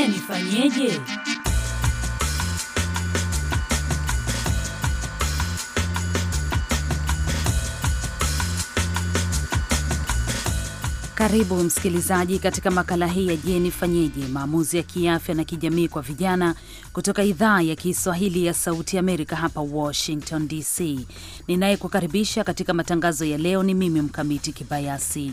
Je, nifanyeje? Karibu msikilizaji katika makala hii ya Je, nifanyeje, maamuzi ya kiafya na kijamii kwa vijana kutoka idhaa ya Kiswahili ya Sauti Amerika hapa Washington DC. Ninayekukaribisha katika matangazo ya leo ni mimi Mkamiti Kibayasi.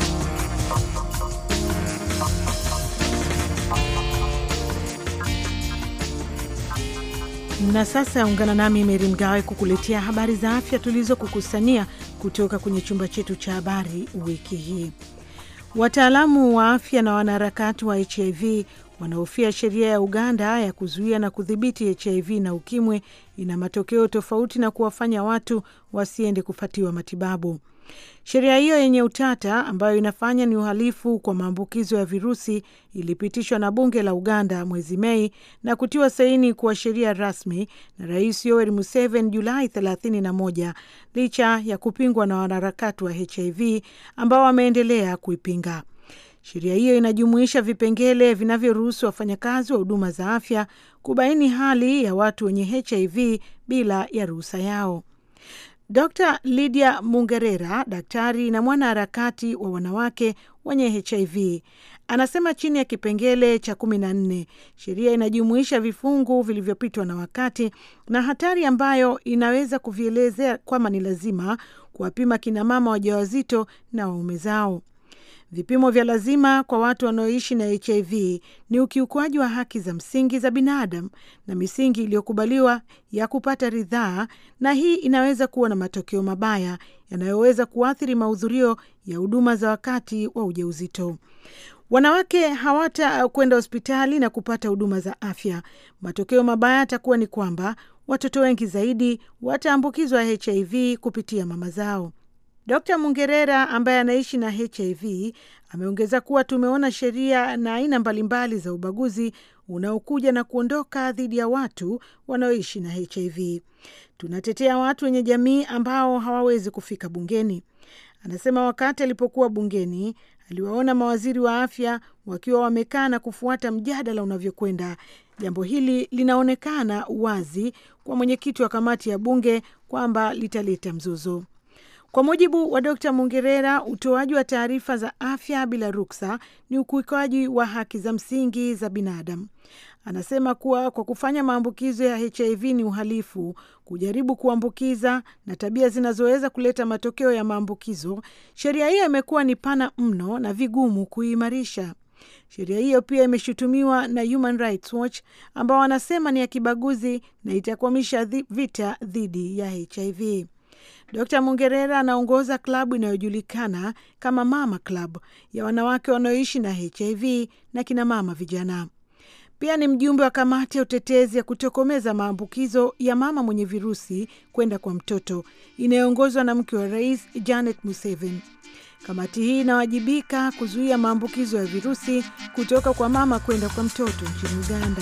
Na sasa ungana nami Meri Mgawe kukuletea habari za afya tulizokukusania kutoka kwenye chumba chetu cha habari wiki hii. Wataalamu wa afya na wanaharakati wa HIV wanahofia sheria ya Uganda ya kuzuia na kudhibiti HIV na ukimwe ina matokeo tofauti na kuwafanya watu wasiende kufatiwa matibabu. Sheria hiyo yenye utata ambayo inafanya ni uhalifu kwa maambukizo ya virusi ilipitishwa na bunge la Uganda mwezi Mei na kutiwa saini kuwa sheria rasmi na Rais Yoweri Museveni Julai 31 licha ya kupingwa na wanaharakati wa HIV ambao wameendelea kuipinga. Sheria hiyo inajumuisha vipengele vinavyoruhusu wafanyakazi wa huduma za afya kubaini hali ya watu wenye HIV bila ya ruhusa yao. Dr Lydia Mungerera, daktari na mwanaharakati wa wanawake wenye HIV, anasema chini ya kipengele cha kumi na nne sheria inajumuisha vifungu vilivyopitwa na wakati na hatari ambayo inaweza kuvielezea kwamba ni lazima kuwapima kinamama wajawazito na waume zao. Vipimo vya lazima kwa watu wanaoishi na HIV ni ukiukwaji wa haki za msingi za binadamu na misingi iliyokubaliwa ya kupata ridhaa, na hii inaweza kuwa na matokeo mabaya yanayoweza kuathiri mahudhurio ya huduma za wakati wa ujauzito. Wanawake hawata kwenda hospitali na kupata huduma za afya. Matokeo mabaya yatakuwa ni kwamba watoto wengi zaidi wataambukizwa HIV kupitia mama zao. Dr. Mungerera ambaye anaishi na HIV ameongeza kuwa tumeona sheria na aina mbalimbali za ubaguzi unaokuja na kuondoka dhidi ya watu wanaoishi na HIV. Tunatetea watu wenye jamii ambao hawawezi kufika bungeni. Anasema wakati alipokuwa bungeni aliwaona mawaziri wa afya wakiwa wamekaa na kufuata mjadala unavyokwenda. Jambo hili linaonekana wazi kwa mwenyekiti wa kamati ya bunge kwamba litaleta mzozo. Kwa mujibu wa Dkt. Mungerera, utoaji wa taarifa za afya bila ruksa ni ukiukaji wa haki za msingi za binadamu. Anasema kuwa kwa kufanya maambukizo ya HIV ni uhalifu, kujaribu kuambukiza na tabia zinazoweza kuleta matokeo ya maambukizo. Sheria hiyo imekuwa ni pana mno na vigumu kuimarisha. Sheria hiyo pia imeshutumiwa na Human Rights Watch ambao wanasema ni ya kibaguzi na itakwamisha vita dhidi ya HIV. Dkt Mongerera anaongoza klabu inayojulikana kama Mama Club ya wanawake wanaoishi na HIV na kinamama vijana. Pia ni mjumbe wa kamati ya utetezi ya kutokomeza maambukizo ya mama mwenye virusi kwenda kwa mtoto inayoongozwa na mke wa rais Janet Museveni. Kamati hii inawajibika kuzuia maambukizo ya virusi kutoka kwa mama kwenda kwa mtoto nchini Uganda.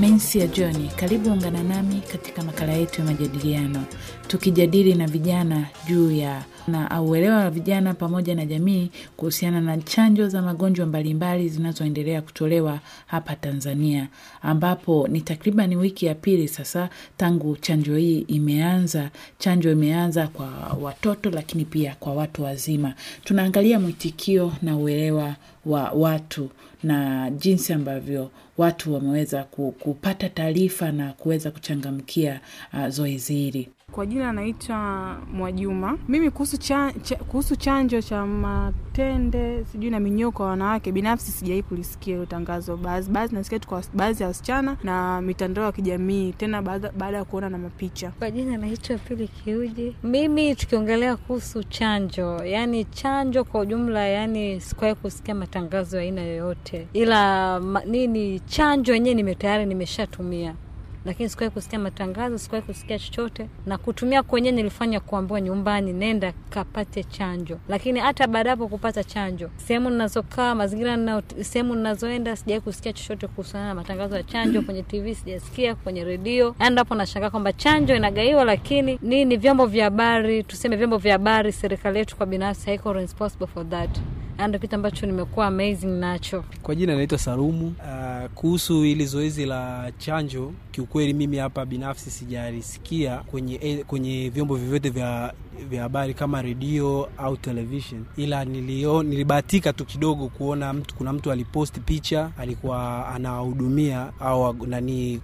Mensi ya joni karibu ungana nami katika makala yetu ya majadiliano, tukijadili na vijana juu ya na au uelewa wa vijana pamoja na jamii kuhusiana na chanjo za magonjwa mbalimbali zinazoendelea kutolewa hapa Tanzania, ambapo ni takriban wiki ya pili sasa tangu chanjo hii imeanza. Chanjo imeanza kwa watoto, lakini pia kwa watu wazima. Tunaangalia mwitikio na uelewa wa watu na jinsi ambavyo watu wameweza ku kupata taarifa na kuweza kuchangamkia uh, zoezi hili. Kwa jina anaitwa Mwajuma. Mimi kuhusu, cha, cha, kuhusu chanjo cha matende sijui na minyoo kwa wanawake, binafsi sijai kulisikia hilo tangazo. Baadhi baadhi nasikia tu kwa baadhi ya wasichana na mitandao ya kijamii, tena baada ya kuona na mapicha. Kwa jina anaitwa Pili Kiuji. Mimi tukiongelea kuhusu chanjo, yani chanjo kwa ujumla, yani sikuwahi kusikia matangazo ya aina yoyote, ila ma, nini chanjo yenyewe tayari nimeshatumia lakini sikuwahi kusikia matangazo, sikuwahi kusikia chochote, na kutumia kwenyewe nilifanya kuambiwa nyumbani, nenda kapate chanjo. Lakini hata baada hapo kupata chanjo, sehemu nazokaa mazingira na sehemu nazoenda sijawahi kusikia chochote kuhusiana na matangazo ya chanjo kwenye TV, sijasikia kwenye redio. ndapo yaani nashangaa kwamba chanjo inagaiwa, lakini nini, vyombo vya habari, tuseme vyombo vya habari, serikali yetu kwa binafsi haiko responsible for that ndo kitu ambacho nimekuwa amazing nacho. Kwa jina naitwa Salumu. Uh, kuhusu hili zoezi la chanjo, kiukweli mimi hapa binafsi sijalisikia kwenye, eh, kwenye vyombo vyovyote vya vya habari kama redio au television, ila nilio, nilibahatika tu kidogo kuona mtu, kuna mtu alipost picha alikuwa anawahudumia au nani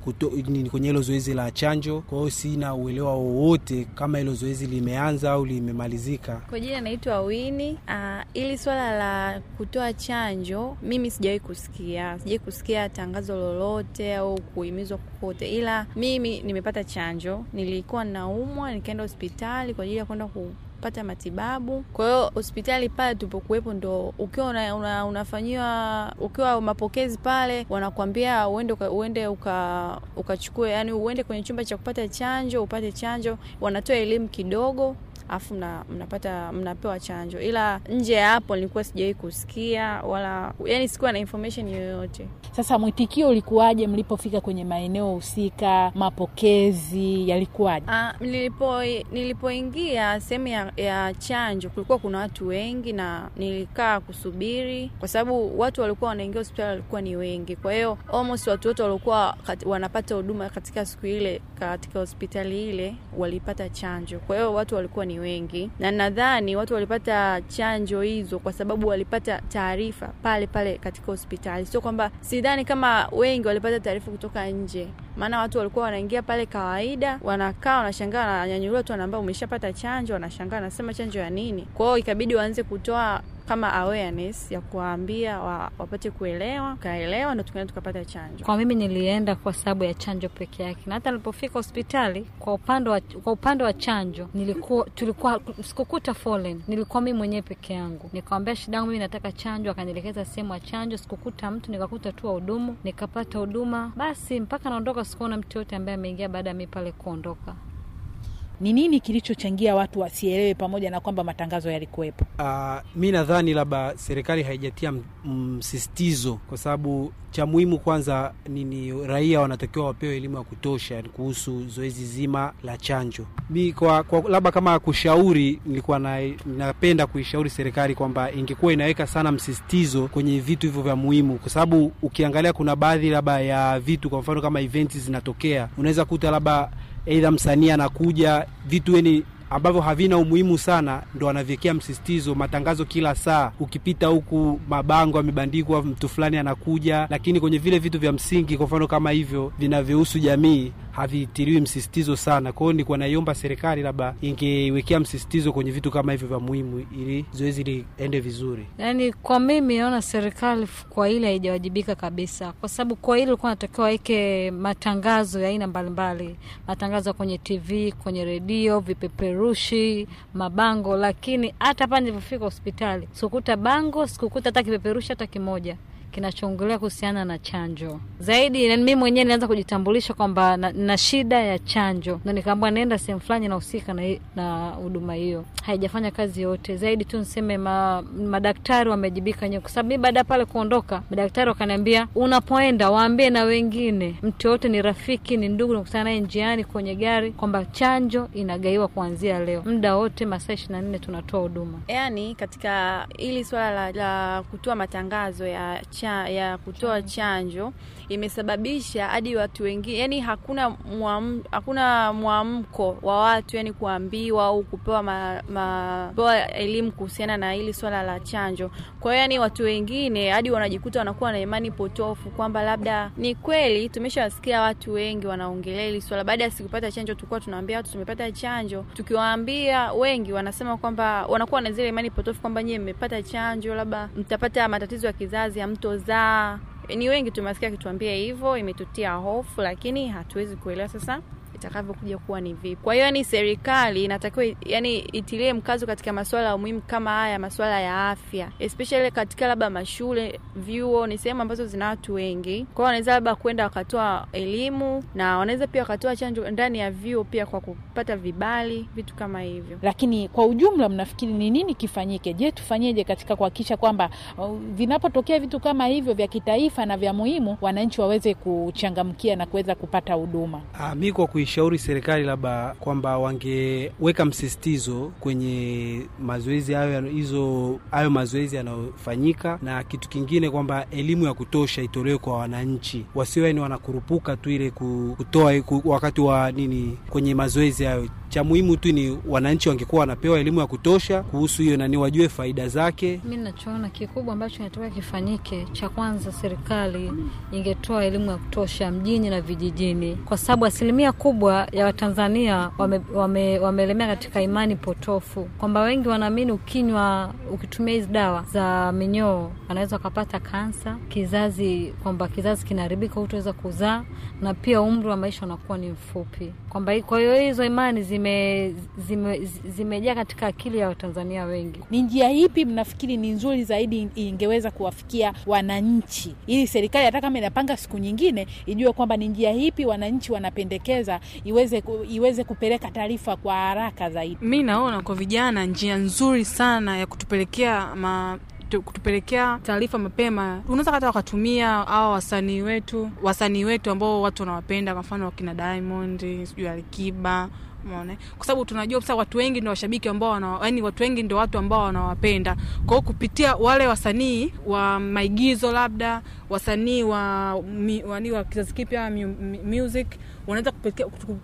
kwenye hilo zoezi la chanjo. Kwa hiyo sina uelewa wowote kama hilo zoezi limeanza au limemalizika. Kwa jina naitwa Wini. Uh, ah, ili swala la kutoa chanjo mimi sijawahi kusikia, sijawahi kusikia tangazo lolote au kuhimizwa kokote, ila mimi nimepata chanjo. Nilikuwa naumwa nikaenda hospitali kwa ajili ya kwenda kwenda kupata matibabu. Kwa hiyo hospitali pale kuwepo ndo ukiwa una, una, unafanyiwa ukiwa mapokezi pale, wanakwambia uende uende uka, ukachukue, yani uende kwenye chumba cha kupata chanjo upate chanjo, wanatoa elimu kidogo alafu mna, mnapata mnapewa chanjo, ila nje ya hapo nilikuwa sijawahi kusikia wala yani sikuwa na information yoyote. Sasa mwitikio ulikuwaje mlipofika kwenye maeneo husika? Mapokezi yalikuwaje? Ah, nilipo nilipoingia sehemu ya, ya chanjo kulikuwa kuna watu wengi, na nilikaa kusubiri kwa sababu watu walikuwa wanaingia hospitali walikuwa ni wengi, kwa hiyo almost watu wote walikuwa wanapata huduma katika siku ile katika hospitali ile walipata chanjo, kwa hiyo watu walikuwa ni ni wengi, na nadhani watu walipata chanjo hizo kwa sababu walipata taarifa pale pale katika hospitali, sio kwamba, sidhani kama wengi walipata taarifa kutoka nje, maana watu walikuwa wanaingia pale kawaida, wanakaa, wanashangaa, wananyanyuliwa tu, wanaambia umeshapata chanjo, wanashangaa, wanasema chanjo ya nini? Kwao ikabidi waanze kutoa kama awareness ya kuwaambia wa, wapate kuelewa, kaelewa ndio tukaenda tukapata chanjo. Kwa mimi nilienda kwa sababu ya chanjo peke yake, na hata nilipofika hospitali kwa upande wa, kwa upande wa chanjo nilikuwa tulikuwa sikukuta foleni, nilikuwa mimi mwenyewe peke yangu. Nikamwambia shida yangu mimi nataka chanjo, akanielekeza sehemu ya chanjo. Sikukuta mtu, nikakuta tu wahudumu, nikapata huduma. Basi mpaka naondoka sikuona mtu yote ambaye ameingia baada ya mimi pale kuondoka. Ni nini kilichochangia watu wasielewe, pamoja na kwamba matangazo yalikuwepo? Uh, mi nadhani labda serikali haijatia msisitizo, kwa sababu cha muhimu kwanza nini, raia wanatakiwa wapewe elimu ya kutosha kuhusu zoezi zima la chanjo. Mi kwa, kwa labda kama kushauri, nilikuwa na, napenda kuishauri serikali kwamba ingekuwa inaweka sana msisitizo kwenye vitu hivyo vya muhimu, kwa sababu ukiangalia kuna baadhi labda ya vitu, kwa mfano kama eventi zinatokea, unaweza kuta labda aidha msanii anakuja, vitu yani ambavyo havina umuhimu sana ndo anavyekea msisitizo. Matangazo kila saa, ukipita huku mabango yamebandikwa, mtu fulani anakuja, lakini kwenye vile vitu vya msingi, kwa mfano kama hivyo vinavyohusu jamii, havitiliwi msisitizo sana. Kwa hiyo nilikuwa naiomba serikali labda ingewekea msisitizo kwenye vitu kama hivyo vya muhimu, ili zoezi liende vizuri. Yani kwa mimi naona serikali kwa ile haijawajibika kabisa, kwa sababu kwa ile ilikuwa natakiwa waweke matangazo ya aina mbalimbali, matangazo kwenye TV, kwenye redio, vipeperushi, mabango, lakini hata hapa nilivyofika hospitali sikukuta bango, sikukuta hata kipeperushi hata kimoja kinachoongelea kuhusiana na chanjo zaidi. Na mimi mwenyewe nilianza kujitambulisha kwamba na, na shida ya chanjo, ndo nikaambwa naenda sehemu fulani nahusika na huduma hiyo. Haijafanya kazi yote, zaidi tu niseme ma, madaktari wamejibika nyewe, kwa sababu baada ya pale kuondoka, madaktari wakaniambia unapoenda waambie na wengine, mtu yoyote ni rafiki, ni ndugu, nakutana naye njiani kwenye gari, kwamba chanjo inagaiwa kuanzia leo, muda wote, masaa ishirini na nne tunatoa huduma. Yani katika hili swala la, la kutoa matangazo ya chanjo cha, ya kutoa chanjo imesababisha hadi watu wengine yani, hakuna muam, hakuna mwamko wa watu yani kuambiwa au kupewa ma, elimu kuhusiana na hili swala la chanjo. Kwa hiyo yani watu wengine hadi wanajikuta wanakuwa na imani potofu kwamba labda ni kweli. Tumeshawasikia watu wengi wanaongelea hili swala baada ya sikupata chanjo, tulikuwa tunaambia watu tumepata chanjo, tukiwaambia wengi wanasema kwamba wanakuwa na zile imani potofu kwamba nyie mmepata chanjo, labda mtapata matatizo ya kizazi, mto waliozaa ni wengi, tumesikia akituambia hivyo, imetutia hofu, lakini hatuwezi kuelewa sasa itakavyokuja kuwa ni vipi. Kwa hiyo yani serikali inatakiwa yani itilie mkazo katika masuala ya muhimu kama haya, masuala ya afya, especially katika labda mashule, vyuo ni sehemu ambazo zina watu wengi, kwa hiyo wanaweza labda kwenda wakatoa elimu na wanaweza pia wakatoa chanjo ndani ya vyuo pia kwa kupata vibali, vitu kama hivyo. Lakini kwa ujumla, mnafikiri ni nini kifanyike? Je, tufanyeje katika kuhakikisha kwamba uh, vinapotokea vitu kama hivyo vya kitaifa na vya muhimu, wananchi waweze kuchangamkia na kuweza kupata huduma? Ah, mi kwa kuishi kushauri serikali labda kwamba wangeweka msisitizo kwenye mazoezi hayo hizo hayo mazoezi yanayofanyika, na kitu kingine kwamba elimu ya kutosha itolewe kwa wananchi, wasiwe ni wanakurupuka tu ile kutoa wakati wa nini kwenye mazoezi hayo. Cha muhimu tu ni wananchi wangekuwa wanapewa elimu ya kutosha kuhusu hiyo, ni wajue faida zake. Mi nachoona kikubwa ambacho inatakiwa kifanyike, cha kwanza, serikali ingetoa elimu ya kutosha mjini na vijijini, kwa sababu asilimia kubwa ya Watanzania wameelemea wame, wame katika imani potofu kwamba wengi wanaamini ukinywa, ukitumia hizi dawa za minyoo anaweza ukapata kansa kizazi, kwamba kizazi kinaharibika, hutaweza kuzaa, na pia umri wa maisha unakuwa ni mfupi, kwamba kwa hiyo hizo imani zime zime, zime, katika akili ya Watanzania wengi. Ni njia ipi mnafikiri ni nzuri zaidi ingeweza kuwafikia wananchi, ili serikali hata kama inapanga siku nyingine ijue kwamba ni njia ipi wananchi wanapendekeza iweze, iweze kupeleka taarifa kwa haraka zaidi? Mi naona kwa vijana njia nzuri sana ya kutupelekea ma kutupelekea taarifa mapema. Unaweza hata wakatumia hawa wasanii wetu, wasanii wetu ambao watu wanawapenda, kwa mfano wakina Diamond, sijui Alikiba Umeona? Kwa sababu tunajua sasa watu wengi ndio washabiki ambao wana yani watu wengi ndio watu ambao wanawapenda. Kwa hiyo kupitia wale wasanii wa maigizo labda, wasanii wa wani wa kizazi kipya music wanaweza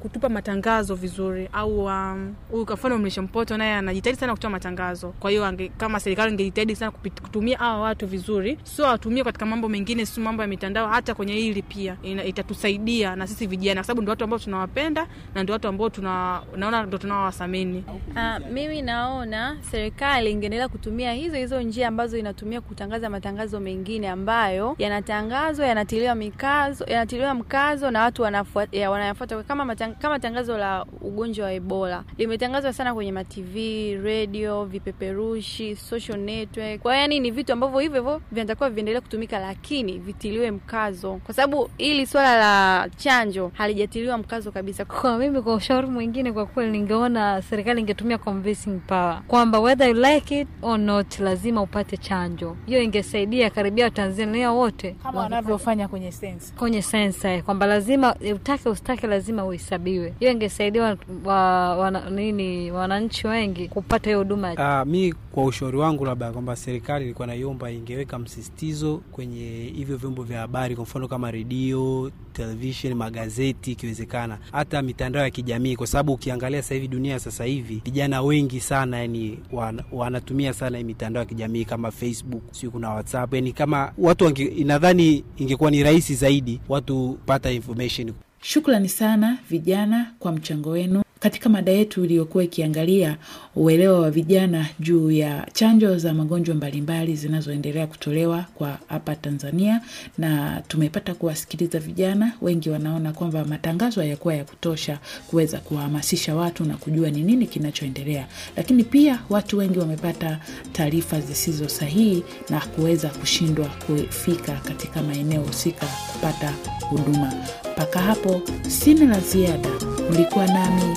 kutupa matangazo vizuri, au um, huyu um, kwa mfano Mrisho Mpoto naye anajitahidi sana kutoa matangazo. Kwa hiyo kama serikali ingejitahidi sana kutumia hawa watu vizuri, sio watumie katika mambo mengine, sio mambo ya mitandao, hata kwenye hili pia ina, itatusaidia na sisi vijana, kwa sababu ndio watu ambao tunawapenda na ndio watu ambao tuna, naona ndio tunawawasamini. Uh, mimi naona serikali ingeendelea kutumia hizo hizo njia ambazo inatumia kutangaza matangazo mengine ambayo yanatangazwa yanatiliwa mikazo yanatiliwa mkazo na watu wanafuata wanayafuata kama matang, kama tangazo la ugonjwa wa Ebola limetangazwa sana kwenye matv, radio, vipeperushi, social network. Kwa yani ni vitu ambavyo hivyo hivyo vinatakiwa viendelee kutumika, lakini vitiliwe mkazo, kwa sababu hili swala la chanjo halijatiliwa mkazo kabisa. Kwa mimi, kwa ushauri mwingine, kwa kweli ningeona serikali ingetumia convincing power kwamba whether you like it or not, lazima upate chanjo. Hiyo ingesaidia karibia Watanzania wote kama wanavyofanya kwenye sensa, kwenye sensa eh, kwamba lazima utake staki lazima uhesabiwe. Hiyo ingesaidia wa, wa, nini wananchi wengi kupata hiyo huduma. Uh, mi kwa ushauri wangu labda kwamba serikali ilikuwa naiomba ingeweka msisitizo kwenye hivyo vyombo vya habari, kwa mfano kama redio, televisheni, magazeti, ikiwezekana hata mitandao ya kijamii, kwa sababu ukiangalia sasa hivi dunia sasa hivi vijana wengi sana yani wan, wanatumia sana mitandao ya kijamii kama Facebook, sio kuna WhatsApp, yani kama watu inadhani nadhani ingekuwa ni rahisi zaidi watu pata information Shukrani sana vijana kwa mchango wenu. Katika mada yetu iliyokuwa ikiangalia uelewa wa vijana juu ya chanjo za magonjwa mbalimbali zinazoendelea kutolewa kwa hapa Tanzania, na tumepata kuwasikiliza vijana wengi. Wanaona kwamba matangazo hayakuwa ya kutosha kuweza kuwahamasisha watu na kujua ni nini kinachoendelea, lakini pia watu wengi wamepata taarifa zisizo sahihi na kuweza kushindwa kufika katika maeneo husika kupata huduma. Mpaka hapo sina la ziada. Ulikuwa nami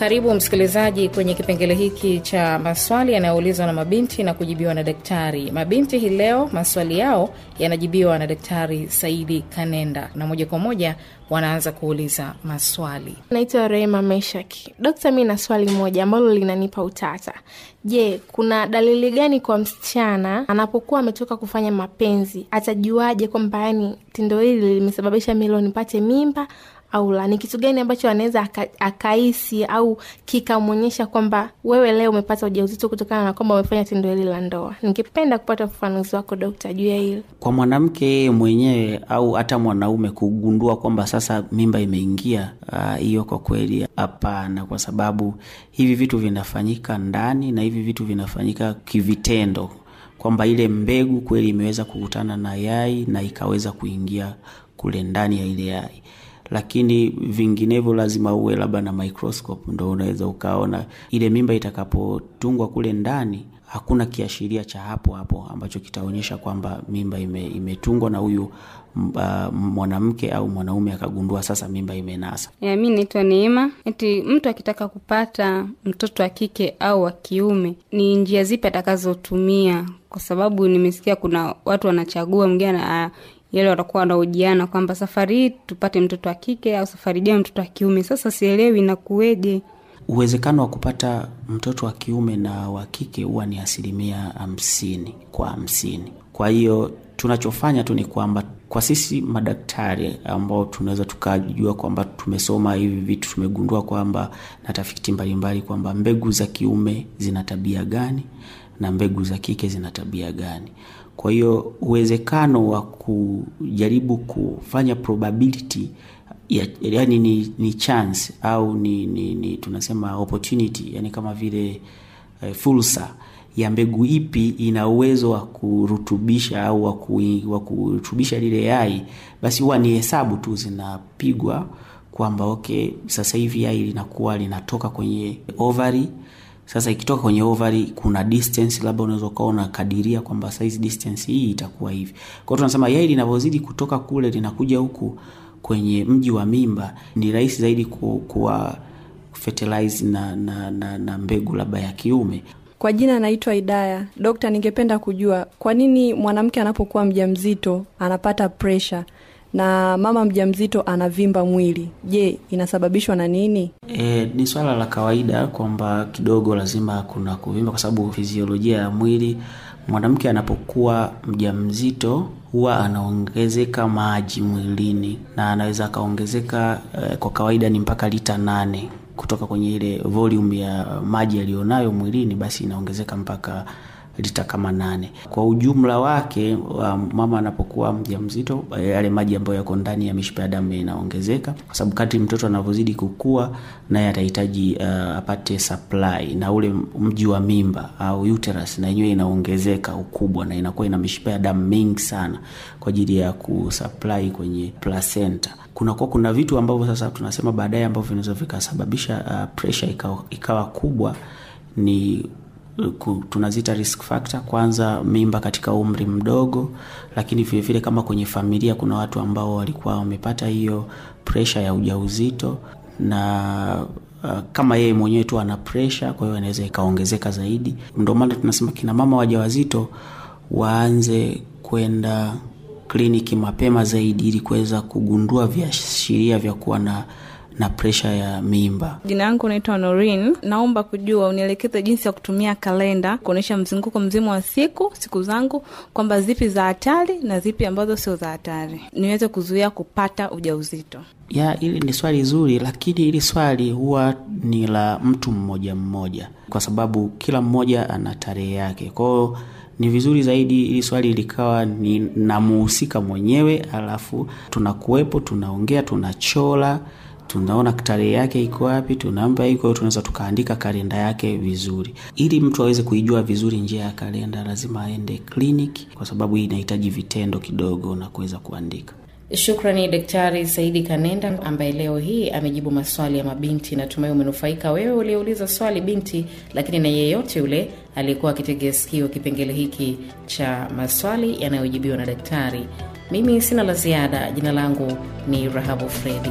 Karibu msikilizaji kwenye kipengele hiki cha maswali yanayoulizwa na mabinti na kujibiwa na daktari. Mabinti hii leo maswali yao yanajibiwa na Daktari Saidi Kanenda, na moja kwa moja wanaanza kuuliza maswali. Naitwa Rehema Meshaki. Dokta, mi na swali moja ambalo linanipa utata. Je, kuna dalili gani kwa msichana anapokuwa ametoka kufanya mapenzi, atajuaje kwamba yani tendo hili limesababisha milo nipate mimba au la, ni kitu gani ambacho anaweza akahisi au kikamwonyesha kwamba wewe leo umepata ujauzito kutokana na kwamba umefanya tendo hili la ndoa. Ningependa kupata ufafanuzi wako Dokta juu ya hili, kwa mwanamke yeye mwenyewe au hata mwanaume kugundua kwamba sasa mimba imeingia. Ah, hiyo kwa kweli hapana, kwa sababu hivi vitu vinafanyika ndani na hivi vitu vinafanyika kivitendo, kwamba ile mbegu kweli imeweza kukutana na yai na ikaweza kuingia kule ndani ya ile yai lakini vinginevyo lazima uwe labda na microscope ndo unaweza ukaona ile mimba itakapotungwa kule ndani hakuna kiashiria cha hapo hapo ambacho kitaonyesha kwamba mimba ime, imetungwa na huyu mm, ah, mwanamke au mwanaume akagundua sasa mimba imenasa. Ya, mi naitwa Neema. ti mtu akitaka kupata mtoto wa kike au wa kiume ni njia zipi atakazotumia? Kwa sababu nimesikia kuna watu wanachagua mwingine yale watakuwa wanaujiana kwamba safari hii tupate mtoto wa kike au safari jao mtoto wa kiume. Sasa sielewi nakuweje Uwezekano wa kupata mtoto wa kiume na wa kike huwa ni asilimia hamsini kwa hamsini. Kwa hiyo tunachofanya tu ni kwamba kwa sisi madaktari ambao tunaweza tukajua kwamba tumesoma hivi vitu, tumegundua kwamba na tafiti mbalimbali kwamba mbegu za kiume zina tabia gani na mbegu za kike zina tabia gani. Kwa hiyo uwezekano wa kujaribu kufanya probability ya, yani ni, ni chance au ni, ni, ni tunasema opportunity, yani kama vile eh, fursa ya mbegu ipi ina uwezo wa kurutubisha au wa kurutubisha lile yai, basi huwa ni hesabu tu zinapigwa kwamba okay, sasa hivi yai linakuwa linatoka kwenye ovary sasa ikitoka kwenye ovari kuna distance labda unaweza ukawa unakadiria kwamba size distance hii itakuwa hivi. Kwa hiyo tunasema yai linavyozidi kutoka kule linakuja huku kwenye mji wa mimba, ni rahisi zaidi ku, kuwa fertilize na, na, na, na mbegu labda ya kiume. Kwa jina anaitwa Idaya. Dokta, ningependa kujua kwa nini mwanamke anapokuwa mjamzito anapata pressure na mama mjamzito anavimba mwili, je, inasababishwa na nini? E, ni swala la kawaida kwamba kidogo lazima kuna kuvimba, kwa sababu fiziolojia ya mwili, mwanamke anapokuwa mjamzito huwa anaongezeka maji mwilini na anaweza akaongezeka e, kwa kawaida ni mpaka lita nane kutoka kwenye ile volume ya maji yaliyonayo mwilini, basi inaongezeka mpaka lita kama nane. Kwa ujumla wake, mama anapokuwa mjamzito, eh, yale maji ambayo yako ndani ya mishipa ya damu inaongezeka, kwa sababu kati mtoto anavyozidi kukua, naye atahitaji uh, apate supply na ule mji wa mimba au uterus, na yenyewe inaongezeka ukubwa na inakuwa ina mishipa ya damu mingi sana kwa ajili ya kusupply kwenye placenta. Kunakuwa kuna vitu ambavyo sasa tunasema baadaye ambavyo vinaweza vikasababisha uh, pressure ikawa, ikawa kubwa ni tunazita risk factor, kwanza mimba katika umri mdogo, lakini vilevile kama kwenye familia kuna watu ambao walikuwa wamepata hiyo presha ya ujauzito na uh, kama yeye mwenyewe tu ana presha, kwa hiyo inaweza ikaongezeka zaidi. Ndio maana tunasema kina mama wajawazito waanze kwenda kliniki mapema zaidi ili kuweza kugundua viashiria vya kuwa na na presha ya mimba. Jina yangu naitwa Norin, naomba kujua unielekeze jinsi ya kutumia kalenda kuonyesha mzunguko mzima wa siku siku zangu, kwamba zipi za hatari na zipi ambazo sio za hatari, niweze kuzuia kupata ujauzito. Ya, hili ni swali zuri, lakini hili swali huwa ni la mtu mmoja mmoja, kwa sababu kila mmoja ana tarehe yake. kwao ni vizuri zaidi hili swali likawa ni namuhusika mwenyewe, alafu tunakuwepo, tunaongea, tunachola tunaona tarehe yake iko wapi, tunampa hii. tunaweza tukaandika kalenda yake vizuri. Ili mtu aweze kuijua vizuri njia ya kalenda, lazima aende kliniki, kwa sababu hii inahitaji vitendo kidogo na kuweza kuandika. Shukrani Daktari Saidi Kanenda ambaye leo hii amejibu maswali ya mabinti. Natumai umenufaika wewe uliouliza swali binti, lakini na yeyote yule aliyekuwa akitegea sikio kipengele hiki cha maswali yanayojibiwa na daktari. Mimi sina la ziada. Jina langu ni Rahabu Fredi.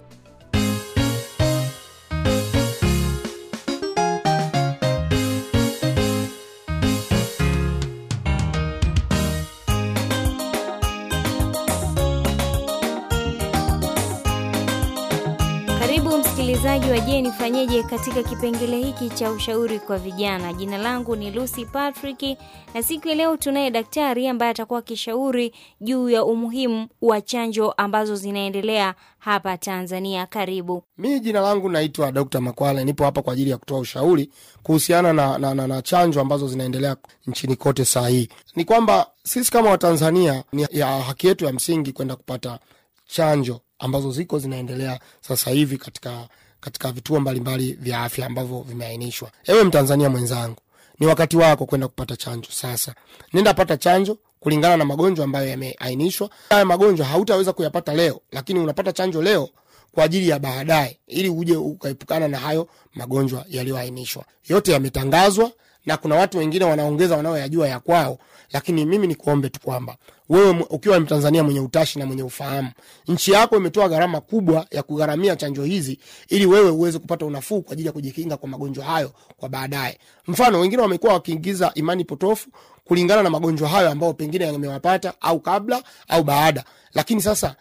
msikilizaji wa Je nifanyeje katika kipengele hiki cha ushauri kwa vijana. Jina langu ni Lucy Patrick na siku ya leo tunaye daktari ambaye atakuwa akishauri juu ya umuhimu wa chanjo ambazo zinaendelea hapa Tanzania. Karibu. mi jina langu naitwa Dr. Makwale, nipo hapa kwa ajili ya kutoa ushauri kuhusiana na, na, na, na chanjo ambazo zinaendelea nchini kote. Saa hii ni kwamba sisi kama Watanzania ni ya haki yetu ya msingi kwenda kupata chanjo ambazo ziko zinaendelea sasa hivi katika katika vituo mbalimbali vya afya ambavyo vimeainishwa. Ewe Mtanzania mwenzangu, ni wakati wako kwenda kupata chanjo sasa. Nenda pata chanjo kulingana na magonjwa ambayo yameainishwa. Haya magonjwa hautaweza kuyapata leo, lakini unapata chanjo leo kwa ajili ya baadaye, ili uje ukaepukana na hayo magonjwa yaliyoainishwa. Yote yametangazwa na kuna watu wengine wanaongeza wanaoyajua ya kwao, lakini mimi nikuombe tu kwamba wewe ukiwa Mtanzania mwenye utashi na mwenye ufahamu, nchi yako imetoa gharama kubwa ya kugharamia chanjo hizi ili wewe uweze kupata unafuu kwa ajili ya kujikinga kwa magonjwa hayo kwa baadaye. Mfano, wengine wamekuwa wakiingiza imani potofu kulingana na magonjwa hayo ambayo pengine yamewapata au kabla au baada, lakini sasa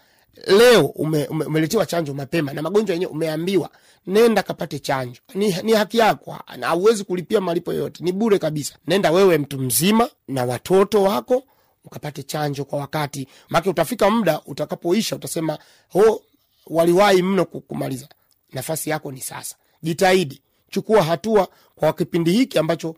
leo ume, ume, chanjo mapema na magonjwa yenyewe umeambiwa nenda kapate chanjo ni, ni haki yako na kulipia malipo yoyote ni bure kabisa nenda wewe mtu mzima na watoto wako ukapate chanjo kwa wakati make utafika muda utakapoisha utasema ho oh, waliwahi mno kumaliza nafasi yako ni sasa jitahidi chukua hatua kwa kipindi hiki ambacho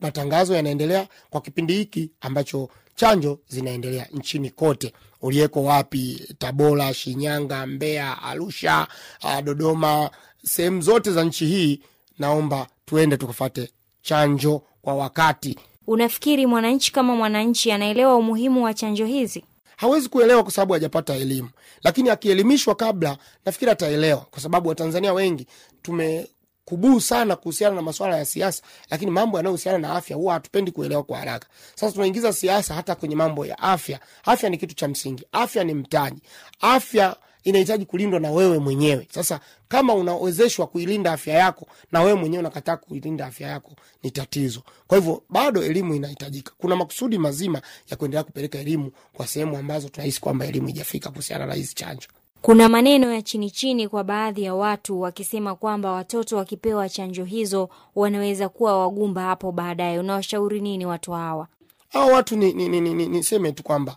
matangazo yanaendelea kwa kipindi hiki ambacho chanjo zinaendelea nchini kote uliyeko wapi tabora shinyanga mbea arusha ah, dodoma sehemu zote za nchi hii naomba tuende tukafate chanjo kwa wakati unafikiri mwananchi kama mwananchi anaelewa umuhimu wa chanjo hizi hawezi kuelewa kwa sababu hajapata elimu, lakini akielimishwa kabla, nafikiri ataelewa, kwa sababu Watanzania wengi tume kubuu sana kuhusiana na masuala ya siasa, lakini mambo yanayohusiana na afya huwa hatupendi kuelewa kwa haraka. Sasa tunaingiza siasa hata kwenye mambo ya afya. Afya ni kitu cha msingi, afya ni mtaji, afya inahitaji kulindwa na wewe mwenyewe. Sasa kama unawezeshwa kuilinda afya yako na wewe mwenyewe unakataa kuilinda afya yako, ni tatizo. Kwa hivyo bado elimu inahitajika. Kuna makusudi mazima ya kuendelea kupeleka elimu kwa sehemu ambazo tunahisi kwamba elimu ijafika kuhusiana na hizi chanjo. Kuna maneno ya chini chini kwa baadhi ya watu wakisema kwamba watoto wakipewa chanjo hizo wanaweza kuwa wagumba hapo baadaye. Unawashauri nini watu hawa? aa watu ni, ni, ni, ni, niseme tu kwamba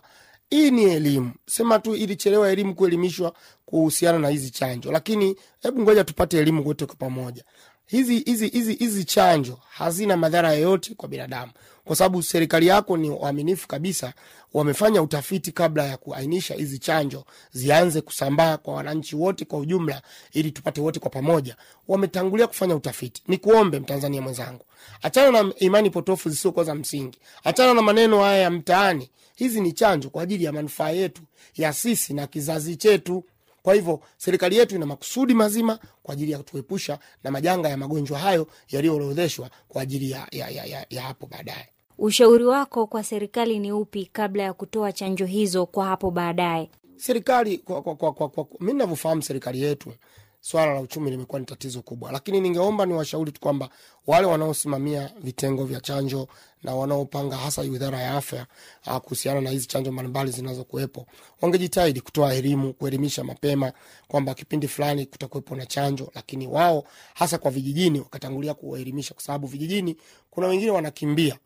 hii ni elimu, sema tu ilichelewa elimu kuelimishwa kuhusiana na hizi chanjo, lakini hebu ngoja tupate elimu wote kwa pamoja. Hizi hizi hizi hizi chanjo hazina madhara yoyote kwa binadamu kwa sababu serikali yako ni waaminifu kabisa, wamefanya utafiti kabla ya kuainisha hizi chanjo zianze kusambaa kwa wananchi wote kwa ujumla, ili tupate wote kwa pamoja. Wametangulia kufanya utafiti. Ni kuombe Mtanzania mwenzangu, achana na imani potofu zisizokuwa za msingi, achana na maneno haya ya mtaani. Hizi ni chanjo kwa ajili ya manufaa yetu ya sisi na kizazi chetu. Kwa hivyo serikali yetu ina makusudi mazima kwa ajili ya kutuepusha na majanga ya magonjwa hayo yaliyoorodheshwa kwa ajili ya, ya, ya, ya, ya hapo baadaye. Ushauri wako kwa serikali ni upi kabla ya kutoa chanjo hizo kwa hapo baadaye? Serikali kwa, kwa, kwa, kwa, kwa, mi navyofahamu serikali yetu swala la uchumi limekuwa ni tatizo kubwa, lakini ningeomba niwashauri tu kwamba wale wanaosimamia vitengo vya chanjo na wanaopanga hasa wizara ya afya ah, kuhusiana na hizi chanjo mbalimbali zinazokuwepo wangejitahidi kutoa elimu, kuelimisha mapema kwamba kipindi fulani kutakuwepo na chanjo, lakini wao hasa kwa vijijini wakatangulia kuwaelimisha, kwa sababu vijijini kuna wengine wanakimbia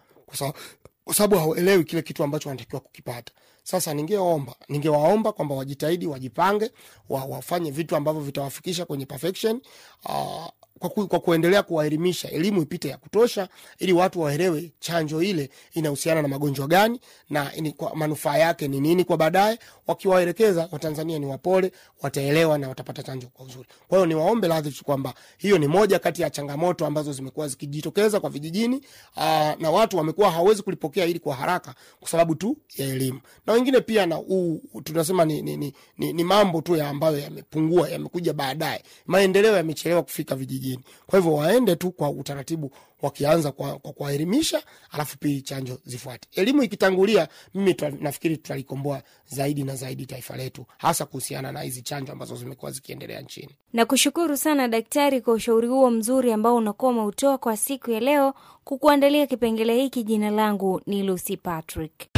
kwa sababu hawaelewi kile kitu ambacho wanatakiwa kukipata. Sasa ningeomba ningewaomba kwamba wajitahidi, wajipange, wa, wafanye vitu ambavyo vitawafikisha kwenye perfection. Uh, kwa, ku, kwa kuendelea kuwaelimisha, elimu ipite ya kutosha, ili watu waelewe chanjo ile inahusiana na magonjwa gani na ini, kwa manufaa yake ni nini kwa baadaye. Wakiwaelekeza Watanzania ni wapole, wataelewa na watapata chanjo kwa uzuri. Kwa hiyo niwaombe radhi kwamba hiyo ni moja kati ya changamoto ambazo zimekuwa zikijitokeza kwa vijijini aa, na watu wamekuwa hawawezi kulipokea ili kwa haraka kwa sababu tu ya elimu, na wengine pia na u, tunasema ni, ni, ni, ni, ni mambo tu ya ambayo yamepungua, yamekuja baadaye, maendeleo yamechelewa kufika vijijini vijijini. Kwa hivyo waende tu kwa utaratibu wakianza kwa kuwaelimisha, alafu pili chanjo zifuate. Elimu ikitangulia, mimi nafikiri tutalikomboa zaidi na zaidi taifa letu, hasa kuhusiana na hizi chanjo ambazo zimekuwa zikiendelea nchini. nakushukuru sana daktari kwa ushauri huo mzuri ambao unakuwa umeutoa kwa siku ya leo. Kukuandalia kipengele hiki, jina langu ni Lucy Patrick.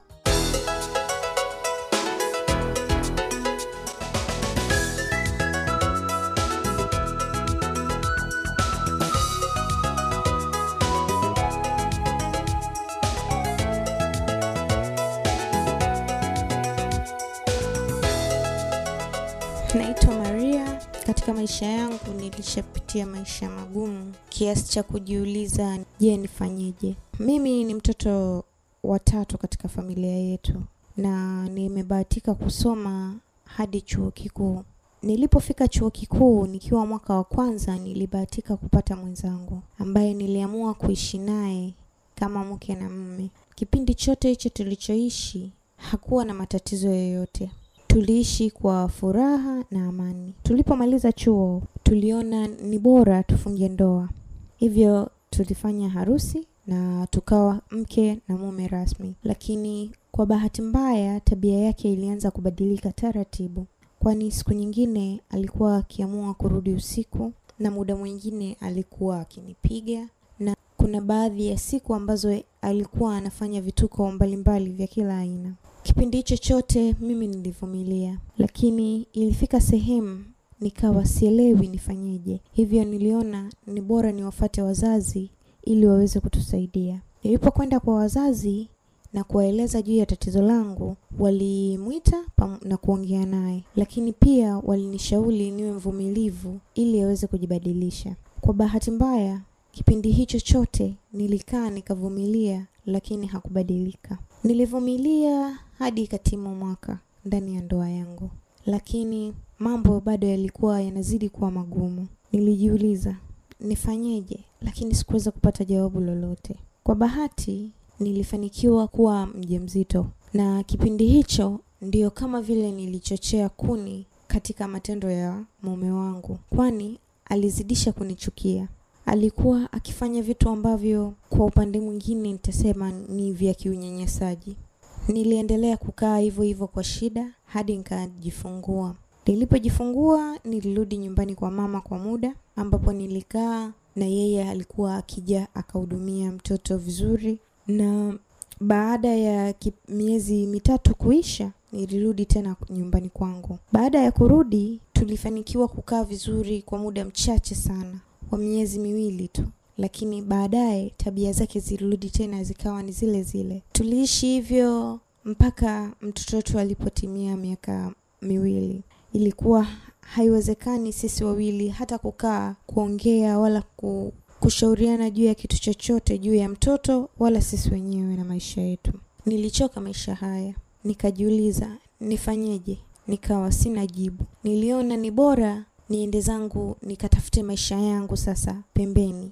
kupitia maisha magumu kiasi cha kujiuliza, je, nifanyeje? Mimi ni mtoto wa tatu katika familia yetu na nimebahatika kusoma hadi chuo kikuu. Nilipofika chuo kikuu nikiwa mwaka wa kwanza, nilibahatika kupata mwenzangu ambaye niliamua kuishi naye kama mke na mme Kipindi chote hicho tulichoishi hakuwa na matatizo yoyote, tuliishi kwa furaha na amani. Tulipomaliza chuo, tuliona ni bora tufunge ndoa, hivyo tulifanya harusi na tukawa mke na mume rasmi. Lakini kwa bahati mbaya, tabia yake ilianza kubadilika taratibu, kwani siku nyingine alikuwa akiamua kurudi usiku na muda mwingine alikuwa akinipiga, na kuna baadhi ya siku ambazo alikuwa anafanya vituko mbalimbali vya kila aina. Kipindi hicho chote mimi nilivumilia, lakini ilifika sehemu nikawa sielewi nifanyeje. Hivyo niliona ni bora niwafate wazazi ili waweze kutusaidia. Nilipokwenda kwa wazazi na kuwaeleza juu ya tatizo langu, walimwita na kuongea naye, lakini pia walinishauri niwe mvumilivu ili aweze kujibadilisha. Kwa bahati mbaya, kipindi hicho chote nilikaa nikavumilia, lakini hakubadilika. Nilivumilia hadi ikatimu mwaka ndani ya ndoa yangu, lakini mambo bado yalikuwa yanazidi kuwa magumu. Nilijiuliza nifanyeje, lakini sikuweza kupata jawabu lolote. Kwa bahati nilifanikiwa kuwa mjamzito, na kipindi hicho ndiyo kama vile nilichochea kuni katika matendo ya mume wangu, kwani alizidisha kunichukia. Alikuwa akifanya vitu ambavyo kwa upande mwingine nitasema ni vya kiunyanyasaji. Niliendelea kukaa hivyo hivyo kwa shida hadi nikajifungua. Nilipojifungua nilirudi nyumbani kwa mama kwa muda ambapo nilikaa na yeye alikuwa akija akahudumia mtoto vizuri, na baada ya miezi mitatu kuisha nilirudi tena nyumbani kwangu. Baada ya kurudi, tulifanikiwa kukaa vizuri kwa muda mchache sana kwa miezi miwili tu, lakini baadaye tabia zake zilirudi tena zikawa ni zile zile. Tuliishi hivyo mpaka mtoto wetu alipotimia miaka miwili ilikuwa haiwezekani sisi wawili hata kukaa kuongea wala ku, kushauriana juu ya kitu chochote juu ya mtoto wala sisi wenyewe na maisha yetu. Nilichoka maisha haya, nikajiuliza nifanyeje? Nikawa sina jibu. Niliona ni bora niende zangu nikatafute maisha yangu sasa pembeni,